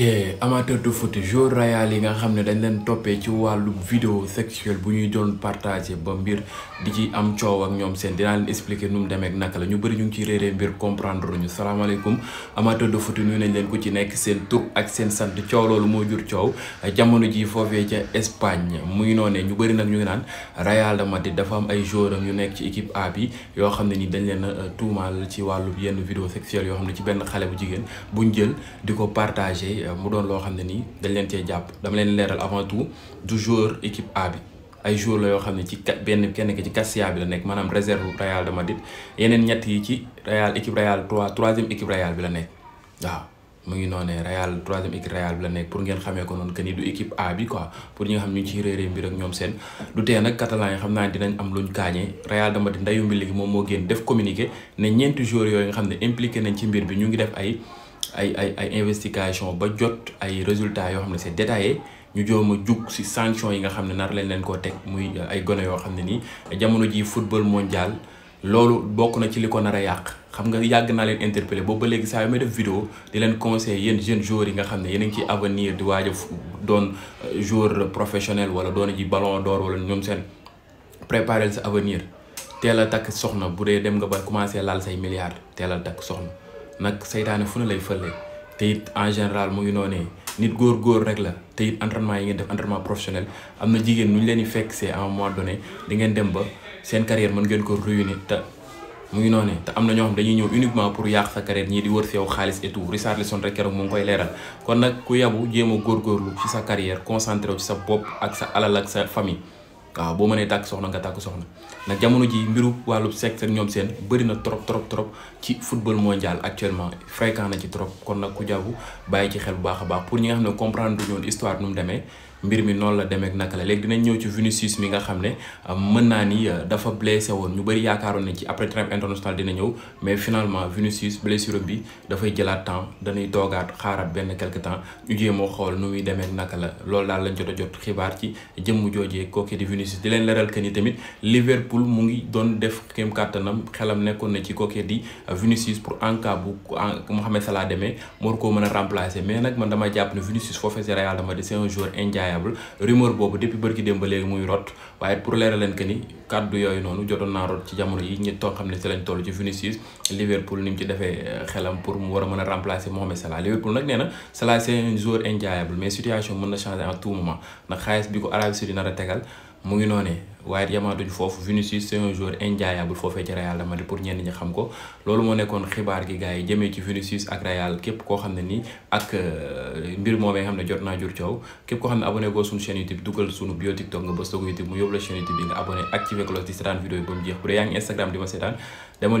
Yeah. amateur de foot joueur Real yi nga xam ne dañ leen toppee ci wàllu vidéo sexuelle bu ñuy doon partagé ba mbir di ci am coow ak ñoom seen dinaa leen expliquer nu mu demee ak naka la ñu bëri ñu ngi ciy réeree mbir comprendre ñu salaamaaleykum amateur de foot nuyu nañ leen ku ci nekk seen tur ak seen sant coow moo jur coow jamono ji foofee ca Espagne muy noonee ñu bëri nag ñu ngi naan Real di dafa am ay joueur am yu nekk ci équipe A bi yoo xam ne nii dañ leen euh, tuumaal ci wàllu yenn vidéo sexuelle yoo xam ne ci benn xale bu jigéen buñ jël di ko partagé euh, loo xam ne nii dañ leen cee jàpp dama leen leeral avant tout du joueur équipe A bi ay joueur la yoo xam ne ci benn kenn ki ci Cassia bi la nekk maanaam réserve Real de Madrid yeneen ñett yi ci Real équipe Real trois troisième équipe Real bi la nekk waaw mu ngi noonee Real troisième équipe Real bi la nekk pour ngeen xamee ko noonu que ni du équipe A bi quoi pour ñi nga xam ñu ngi réeree mbir ak ñoom seen du tee nag catalan yi xam naa dinañ am lu kaañee Real de Madrid ndayu mbi moom moo génn def communiqué ne ñeenti joueurs yooyu ne impliqué nañ ci mbir bi ñu ngi def ay. ay ay ay investigation ba jot ay résultats yoo xam ne c'est détaillé ñu joom a jug ci sanction yi nga xam ne nar leen leen koo teg muy ay gone yoo xam ne nii jamono ji football mondial loolu bokk na ci li ko nar a yàq xam nga yàgg naa leen interpellé boobu ba léegi saa yu may def vidéo di leen conseil yéen jeunes joueurs yi nga xam ne yéen a ngi ci avenir di waaja a doon euh, jour professionnel wala doon ji ballon d'or wala ñoom seen préparer sa avenir teel a takk soxna bu dee dem nga ba commencé laal say milliards teel a takk soxna nag seytaane fu ne lay fële te it en général mu ngi noonee nit góor-góor rek la te it entraînement yi ngeen def entraînement professionnel am na jigéen nu ñu leen di fekk see à un moment donné di ngeen dem ba seen carrière mën ngeen ko ruiner te mu ngi noonee te am na ñoo xam dañuy ñëw uniquement pour yàq sa carrière ñii di wër si yow xaalis et tout Richard Lisson rek keroog mu koy leeral kon nag ku yabu jéema a góorgóorlu ci sa carrière concentré ci sa bopp ak sa sa famille. waaw boo mënee tàkk soxna nga tàkk soxna nag jamono ji mbiru wàllu sexe ñoom seen bëri na trop trop trop ci football mondial actuellement fréquent na ci trop kon nag ku jàpp bàyyi ci xel bu baax a baax pour ñi nga xam ne comprendre ñoon histoire nu mu demee mbir mi noonu la demeek naka la léegi dinañ ñëw ci Vinicius mi nga xam ne mën naa ni euh, dafa blessé woon ñu bëri yaakaaroon nañ ci après trêve internationale dina ñëw mais finalement Vinicius blessure bi dafay jëlaat temps dañuy toogaat xaaraat benn quelque temps ñu jéemoo xool nu muy demeek naka la loolu daal lañ jot a jot xibaar ci jëmm joojee kooke di Vinicius di leen leral que ni tamit Liverpool mu ngi doon def kéem kàttanam xelam nekkoon na ci kooke di Vinicius pour en cas bu Mohamed Salah demee moo ko mën a remplacer mais nag man dama incroyable boobu depuis bërki démb léegi muy rot waaye pour leeral leen ni kàddu yooyu noonu jotoon naa rot ci jamono yi ñi toog xam ne si lañ toll ci Vinicius Liverpool ni ci defee euh, xelam pour mu war a mën a remplacer Mohamed Salah Liverpool nag nee na Salah c'est un joueur mais situation mën na changer en ndax xaalis bi ko Arabie Saoudite nar a tegal mu ngi noonee waaye it foofu Vinicius c'est un joueur injaayable foofee ci Real Madrid pour ñenn ñi xam ko loolu moo nekkoon xibaar gi gars yi jëmee ci Vinicius ak Real képp koo xam ne nii ak euh, mbir moomee nga xam ne jot naa jur coow képp koo xam ne abonné goo suñu chaîne YouTube duggal suñu bio TikTok nga bës ko YouTube mu yóbbu la chaîne YouTube bi nga abonné activé cloche di seetaan vidéo yi ba mu jeex bu dee yaa ngi Instagram di ma seetaan demal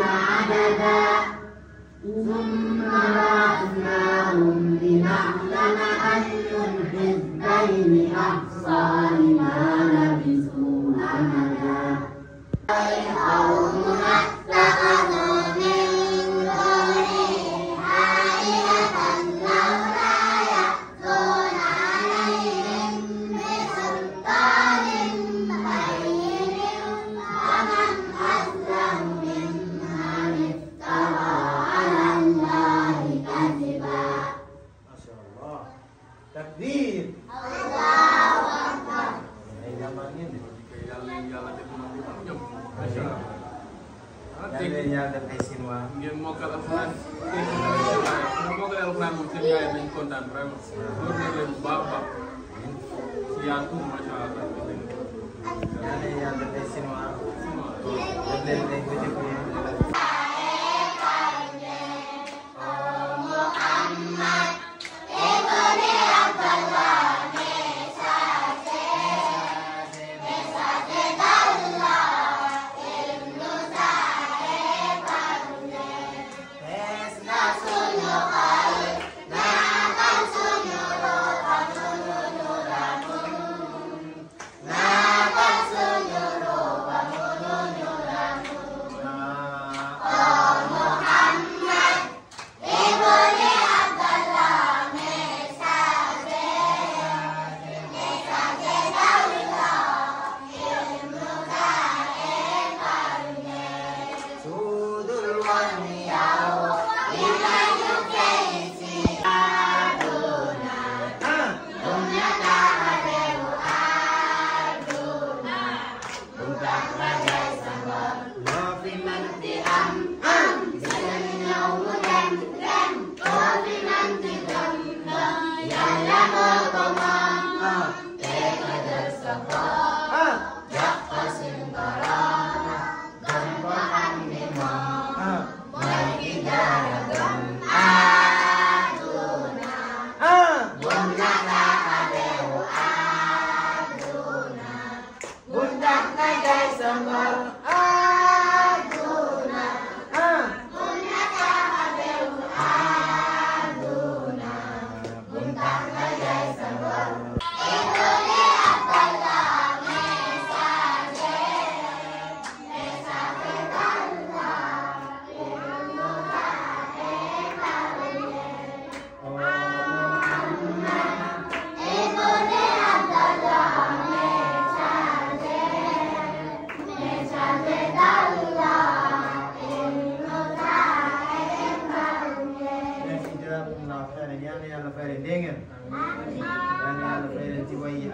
عبدا ثم moom seen yaay dañ kontaan vraiment. loolu nag leen bu baax baax. si yaa tuur macha allah. yaa ngi leen yàlla def ay cinéma. def leen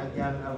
ak jaamu oh.